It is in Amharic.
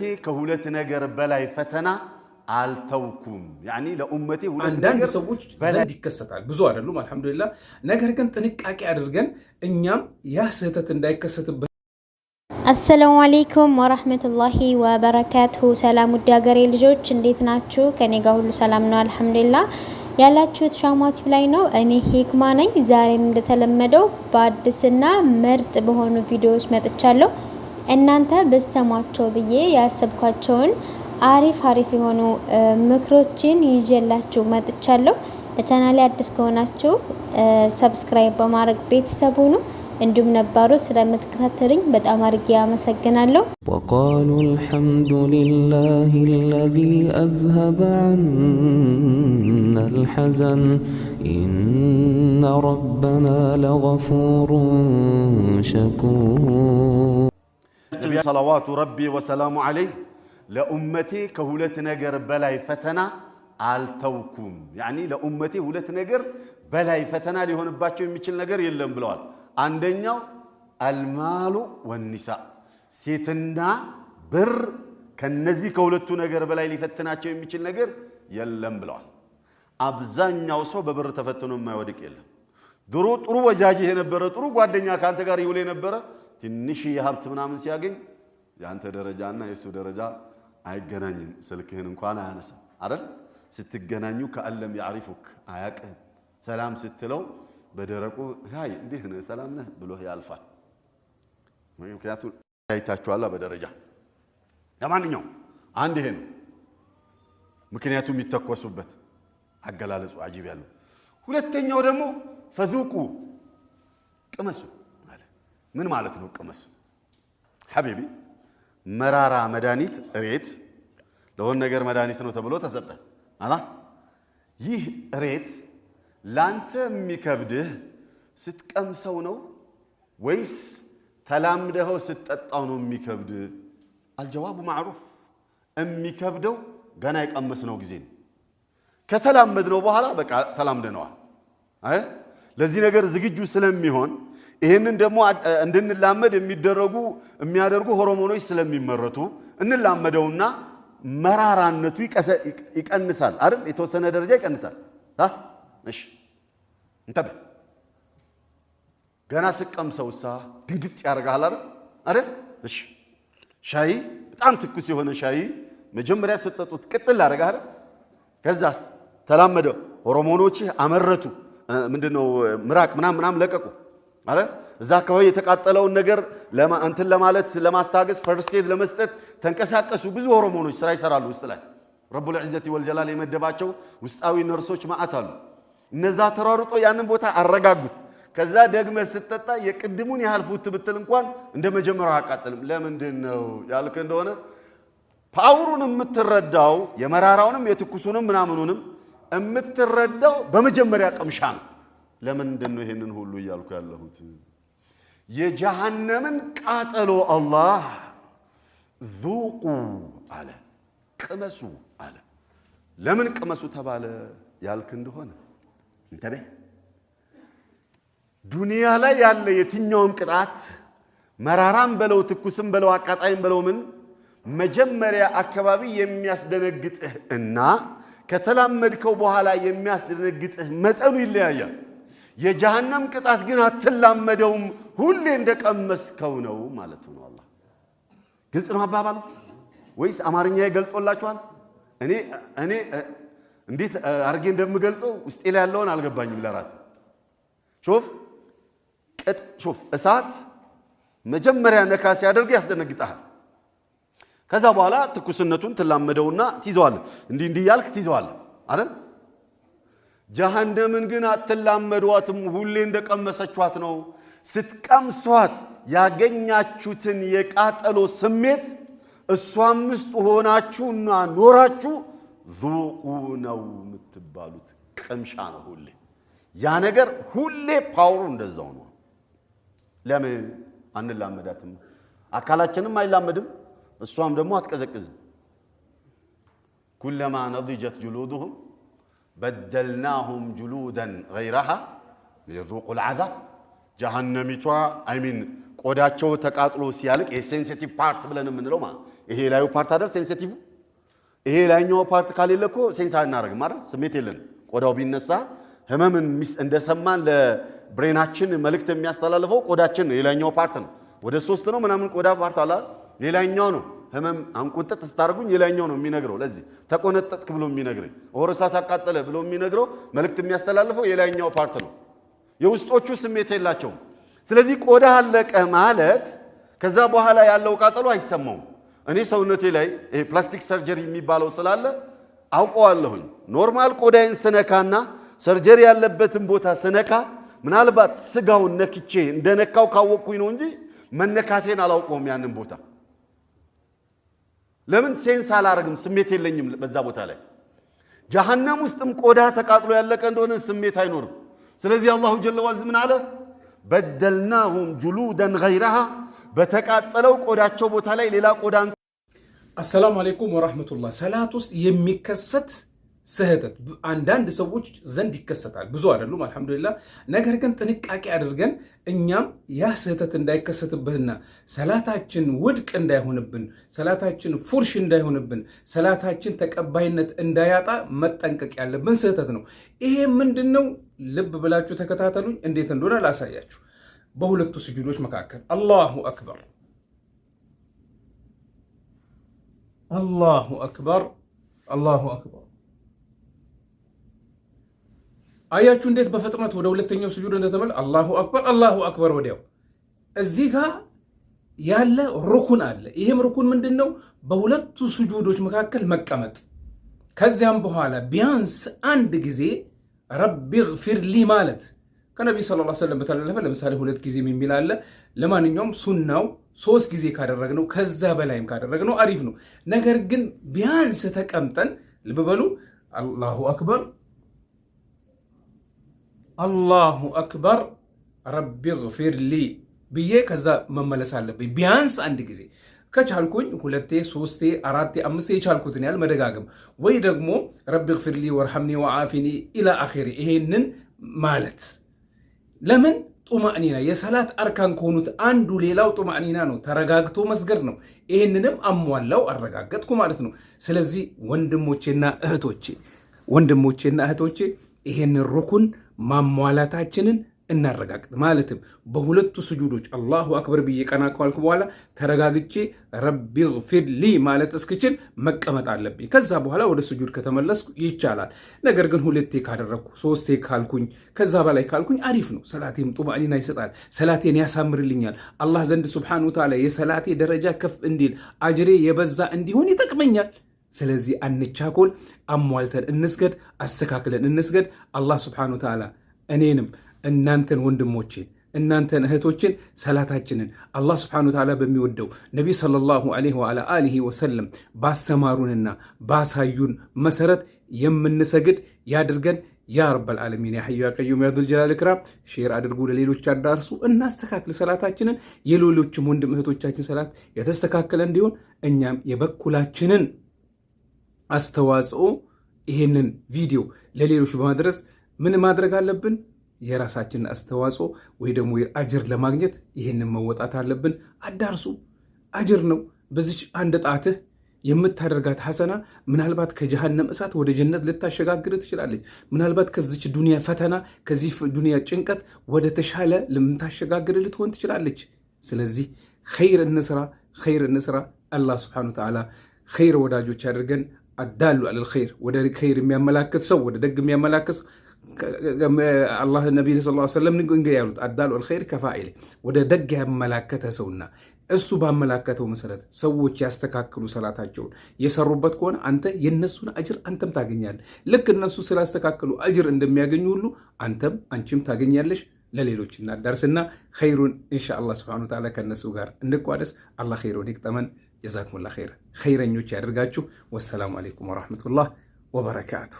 ለኡመቴ ከሁለት ነገር በላይ ፈተና አልተውኩም። ያኔ ለኡመቴ አንዳንድ ሰዎች ዘንድ ይከሰታል፣ ብዙ አይደሉም አልሐምዱሊላ። ነገር ግን ጥንቃቄ አድርገን እኛም ያ ስህተት እንዳይከሰትበት። አሰላሙ አሌይኩም ወረህመቱላሂ ወበረካቱሁ። ሰላም ውድ ሀገሬ ልጆች እንዴት ናችሁ? ከኔ ጋር ሁሉ ሰላም ነው አልሐምዱሊላ። ያላችሁት ሻማቲቭ ላይ ነው። እኔ ሂክማ ነኝ። ዛሬም እንደተለመደው በአዲስና ምርጥ በሆኑ ቪዲዮዎች መጥቻለሁ። እናንተ ብሰሟቸው ብዬ ያሰብኳቸውን አሪፍ አሪፍ የሆኑ ምክሮችን ይዤላችሁ መጥቻለሁ። ለቻናሌ አዲስ ከሆናችሁ ሰብስክራይብ በማድረግ ቤተሰብ ሁኑ። እንዲሁም ነባሩ ስለምትከታተልኝ በጣም አድርጌ አመሰግናለሁ። ወቃሉ አልሐምዱ ሊላሂ አለዚ አዝሀበ ዐና አልሐዘን ኢነ ረበና ለገፉሩን ሸኩር ነቢ ሰለዋቱ ረቢ ወሰላሙ ዓለይህ ለኡመቴ ከሁለት ነገር በላይ ፈተና አልተውኩም። ያኒ ለኡመቴ ሁለት ነገር በላይ ፈተና ሊሆንባቸው የሚችል ነገር የለም ብለዋል። አንደኛው አልማሉ ወኒሳ፣ ሴትና ብር ከነዚህ ከሁለቱ ነገር በላይ ሊፈትናቸው የሚችል ነገር የለም ብለዋል። አብዛኛው ሰው በብር ተፈትኖ የማይወድቅ የለም። ድሮ ጥሩ ወጃጅህ የነበረ ጥሩ ጓደኛ ከአንተ ጋር ይውል የነበረ ትንሽ የሀብት ምናምን ሲያገኝ የአንተ ደረጃና የእሱ ደረጃ አይገናኝም። ስልክህን እንኳን አያነሳም አይደል? ስትገናኙ ከአለም ያዕሪፉክ አያቅህም። ሰላም ስትለው በደረቁ ይ እንዴት ነህ ሰላም ነህ ብሎ ያልፋል። ምክንያቱ ያይታችኋላ በደረጃ ለማንኛውም አንድ ይሄ ነው ምክንያቱ የሚተኮሱበት አገላለጹ አጂብ ያለው። ሁለተኛው ደግሞ ፈዙቁ ቅመሱ ምን ማለት ነው? ቅመስ ሐቢቢ መራራ መድኃኒት እሬት ለሆን ነገር መድኃኒት ነው ተብሎ ተሰጠ። አላ ይህ እሬት ላንተ የሚከብድህ ስትቀምሰው ነው ወይስ ተላምደኸው ስትጠጣው ነው የሚከብድ? አልጀዋቡ ማዕሩፍ የሚከብደው ገና የቀመስነው ጊዜ ነው። ከተላመድነው በኋላ በቃ ተላምደነዋል። አይ ለዚህ ነገር ዝግጁ ስለሚሆን ይህንን ደግሞ እንድንላመድ የሚደረጉ የሚያደርጉ ሆርሞኖች ስለሚመረቱ እንላመደውና መራራነቱ ይቀንሳል አይደል? የተወሰነ ደረጃ ይቀንሳል። እሺ እንተበ ገና ስቀምሰውሳ ድንግጥ ያደርጋል አይደል? አይደል? እሺ ሻይ በጣም ትኩስ የሆነ ሻይ መጀመሪያ ስጠጡት ቅጥል አደረገ አይደል? ከዛስ ተላመደው ሆርሞኖችህ አመረቱ ምንድነው ምራቅ ምናም ምናም ለቀቁ አረ እዛ አካባቢ የተቃጠለውን ነገር እንትን ለማለት ለማስታገስ ፈርስቴት ለመስጠት ተንቀሳቀሱ። ብዙ ሆርሞኖች ስራ ይሰራሉ ውስጥ ላይ ረቡል ዒዘቲ ወልጀላል የመደባቸው ውስጣዊ ነርሶች ማዕት አሉ። እነዛ ተሯሩጦ ያንን ቦታ አረጋጉት። ከዛ ደግመ ስጠጣ የቅድሙን ያህል ፉት ብትል እንኳን እንደ መጀመሪያው አያቃጥልም። ለምንድን ነው ያልክ እንደሆነ ፓውሩን የምትረዳው የመራራውንም የትኩሱንም ምናምኑንም የምትረዳው በመጀመሪያ ቅምሻ ነው። ለምንድን ነው ይሄንን ሁሉ እያልኩ ያለሁት? የጀሃነምን ቃጠሎ አላህ ዙቁ አለ፣ ቅመሱ አለ። ለምን ቅመሱ ተባለ ያልክ እንደሆነ እንተቤ ዱንያ ላይ ያለ የትኛውም ቅጣት መራራም በለው ትኩስም በለው አቃጣይም በለው ምን መጀመሪያ አካባቢ የሚያስደነግጥህ እና ከተላመድከው በኋላ የሚያስደነግጥህ መጠኑ ይለያያል። የጀሃነም ቅጣት ግን አትላመደውም፣ ሁሌ እንደቀመስከው ነው ማለት ነው። አላህ ግልጽ ነው አባባሉ ወይስ አማርኛ ይገልጾላችኋል? እኔ እኔ እንዴት አርጌ እንደምገልጸው ውስጤ ላይ ያለውን አልገባኝም ለራሴ። ሾፍ ሾፍ እሳት መጀመሪያ ነካ ሲያደርግ ያስደነግጣል። ከዛ በኋላ ትኩስነቱን ትላመደውና ትይዘዋለህ። እንዲህ እንዲህ ያልክ ትይዘዋለህ አይደል? ጀሃነምን ግን አትላመዷትም፣ ሁሌ እንደቀመሰችኋት ነው። ስትቀምሷት ያገኛችሁትን የቃጠሎ ስሜት እሷም ውስጥ ሆናችሁና ኖራችሁ ዙቁ ነው የምትባሉት። ቅምሻ ነው ሁሌ ያ ነገር ሁሌ ፓውሩ እንደዛው ነው። ለምን አንላመዳትም? አካላችንም አይላመድም፣ እሷም ደግሞ አትቀዘቅዝም። ኩለማ ነዲጀት ጅሉዱሁም በደልናሁም ጁሉደን ገይረሃ ሊዙቁ ልዓዛብ ጀሃነሚቷ አይሚን ቆዳቸው ተቃጥሎ ሲያልቅ የሴንሲቲቭ ፓርት ብለን የምንለው ማለት ይሄ ላዩ ፓርት አደር ሴንሲቲቭ ይሄ ላይኛው ፓርት ካሌለ እኮ ሴንስ አናደርግም አይደል? ስሜት የለን። ቆዳው ቢነሳ ህመምን እንደሰማን ለብሬናችን መልእክት የሚያስተላልፈው ቆዳችን ነው፣ የላይኛው ፓርት ነው። ወደ ሶስት ነው ምናምን ቆዳ ፓርት አላ ሌላኛው ነው ህመም አንቆጠጥ ስታደርጉኝ የላይኛው ነው የሚነግረው። ለዚህ ተቆነጠጥክ ብሎ የሚነግረኝ ኦር እሳት አቃጠለ ብሎ የሚነግረው መልእክት የሚያስተላልፈው የላይኛው ፓርት ነው። የውስጦቹ ስሜት የላቸውም። ስለዚህ ቆዳ አለቀ ማለት ከዛ በኋላ ያለው ቃጠሎ አይሰማውም። እኔ ሰውነቴ ላይ ይሄ ፕላስቲክ ሰርጀሪ የሚባለው ስላለ አውቀዋለሁኝ። ኖርማል ቆዳዬን ስነካና ሰርጀሪ ያለበትን ቦታ ስነካ ምናልባት ስጋውን ነክቼ እንደነካው ካወቅኩኝ ነው እንጂ መነካቴን አላውቀውም ያንን ቦታ ለምን ሴንስ አላረግም? ስሜት የለኝም። በዛ ቦታ ላይ ጀሃነም ውስጥም ቆዳ ተቃጥሎ ያለቀ እንደሆነ ስሜት አይኖርም። ስለዚህ አላሁ ጀለ ዋዝ ምን አለ? በደልናሁም ጁሉደን ገይረሃ በተቃጠለው ቆዳቸው ቦታ ላይ ሌላ ቆዳ። አሰላሙ አሌይኩም ወራህመቱላህ። ሰላት ውስጥ የሚከሰት ስህተት አንዳንድ ሰዎች ዘንድ ይከሰታል። ብዙ አይደሉም አልሐምዱሊላ። ነገር ግን ጥንቃቄ አድርገን እኛም ያ ስህተት እንዳይከሰትብህና ሰላታችን ውድቅ እንዳይሆንብን፣ ሰላታችን ፉርሽ እንዳይሆንብን፣ ሰላታችን ተቀባይነት እንዳያጣ መጠንቀቅ ያለብን ስህተት ነው። ይሄ ምንድን ነው? ልብ ብላችሁ ተከታተሉኝ። እንዴት እንደሆነ ላሳያችሁ። በሁለቱ ስጁዶች መካከል አላሁ አክበር አላሁ አክበር አላሁ አክበር አያችሁ እንዴት በፍጥነት ወደ ሁለተኛው ስጁድ እንደተመለ አላሁ አክበር አላሁ አክበር። ወዲያው እዚህ ጋር ያለ ሩኩን አለ። ይህም ሩኩን ምንድን ነው? በሁለቱ ስጁዶች መካከል መቀመጥ፣ ከዚያም በኋላ ቢያንስ አንድ ጊዜ ረቢ ግፊር ሊ ማለት ከነቢ ስለ ላ ወሰለም በተላለፈ ለምሳሌ ሁለት ጊዜ የሚል አለ። ለማንኛውም ሱናው ሶስት ጊዜ ካደረግነው ከዛ በላይም ካደረግነው አሪፍ ነው። ነገር ግን ቢያንስ ተቀምጠን ልብ በሉ አላሁ አክበር አላሁ አክበር ረቢ ግፊር ሊ ብዬ ከዛ መመለስ አለብኝ። ቢያንስ አንድ ጊዜ ከቻልኩኝ ሁለቴ፣ ሶስቴ፣ አራቴ፣ አምስቴ የቻልኩትን ያህል መደጋገም ወይ ደግሞ ረቢ ግፊር ሊ ወርሐምኒ ወዓፊኒ ኢላ አኺሪ ይሄንን ማለት ለምን ጡማእኒና የሰላት አርካን ከሆኑት አንዱ ሌላው ጡማእኒና ነው፣ ተረጋግቶ መስገድ ነው። ይሄንንም አሟላው አረጋገጥኩ ማለት ነው። ስለዚህ ወንድሞቼና እህቶቼ ወንድሞቼና እህቶቼ ይሄንን። ሩኩን ማሟላታችንን እናረጋግጥ። ማለትም በሁለቱ ስጁዶች አላሁ አክበር ብዬ ቀና ካልኩ በኋላ ተረጋግቼ ረቢ ግፊር ሊ ማለት እስክችል መቀመጥ አለብኝ። ከዛ በኋላ ወደ ስጁድ ከተመለስኩ ይቻላል። ነገር ግን ሁለቴ ካደረግኩ፣ ሶስቴ ካልኩኝ፣ ከዛ በላይ ካልኩኝ አሪፍ ነው። ሰላቴም ጡማኒና ይሰጣል፣ ሰላቴን ያሳምርልኛል። አላህ ዘንድ ስብሓነሁ ወተዓላ የሰላቴ ደረጃ ከፍ እንዲል አጅሬ የበዛ እንዲሆን ይጠቅመኛል። ስለዚህ አንቻኮል፣ አሟልተን እንስገድ፣ አስተካክለን እንስገድ። አላህ ስብሓነሁ ወተዓላ እኔንም እናንተን ወንድሞችን እናንተን እህቶችን ሰላታችንን አላህ ስብሐነሁ ወተዓላ በሚወደው ነቢይ ሰለላሁ ዐለይሂ ወዐላ አሊሂ ወሰለም ባስተማሩንና ባሳዩን መሰረት የምንሰግድ ያድርገን። ያ ረበል ዓለሚን ያ ሐዩ ያ ቀዩም ያ ሼር አድርጉ፣ ለሌሎች አዳርሱ። እናስተካክል ሰላታችንን፣ የሌሎችም ወንድም እህቶቻችን ሰላት የተስተካከለ እንዲሆን እኛም የበኩላችንን አስተዋጽኦ ይሄንን ቪዲዮ ለሌሎች በማድረስ ምን ማድረግ አለብን? የራሳችንን አስተዋጽኦ ወይ ደግሞ አጅር ለማግኘት ይሄንን መወጣት አለብን። አዳርሱ፣ አጅር ነው። በዚች አንድ ጣትህ የምታደርጋት ሐሰና ምናልባት ከጀሃነም እሳት ወደ ጀነት ልታሸጋግር ትችላለች። ምናልባት ከዚች ዱንያ ፈተና፣ ከዚህ ዱንያ ጭንቀት ወደ ተሻለ ልምታሸጋግር ልትሆን ትችላለች። ስለዚህ ኸይር እንስራ፣ ኸይር እንስራ። አላህ ስብሐነሁ ወተዓላ ኸይር ወዳጆች ያደርገን። አዳሉ አለል ኸይር ወደ ር የሚያመላክት ሰው ወደ ደግ የሚያመላክት ሰው አላ ነቢ ሰለላሁ ዐለይሂ እንግዲህ ያሉት አዳሉ አልኸይር ከፋኢል ወደ ደግ ያመላከተ ሰውና እሱ ባመላከተው መሰረት ሰዎች ያስተካክሉ ሰላታቸውን የሰሩበት ከሆነ አንተ የነሱን አጅር አንተም ታገኛለህ። ልክ እነሱ ስላስተካከሉ አጅር እንደሚያገኙ ሁሉ አንተም አንቺም ታገኛለሽ። ለሌሎች እናዳርስና ኸይሩን ኢንሻ አላህ ስብሐነሁ ወተዓላ ከእነሱ ጋር እንቋደስ። አላህ ኸይሩን ይቅጠመን። ጀዛኩሙላህ ኸይረን ኸይረኞች ያደርጋችሁ። ወሰላሙ አሌይኩም ወረሕመቱላህ ወበረካቱ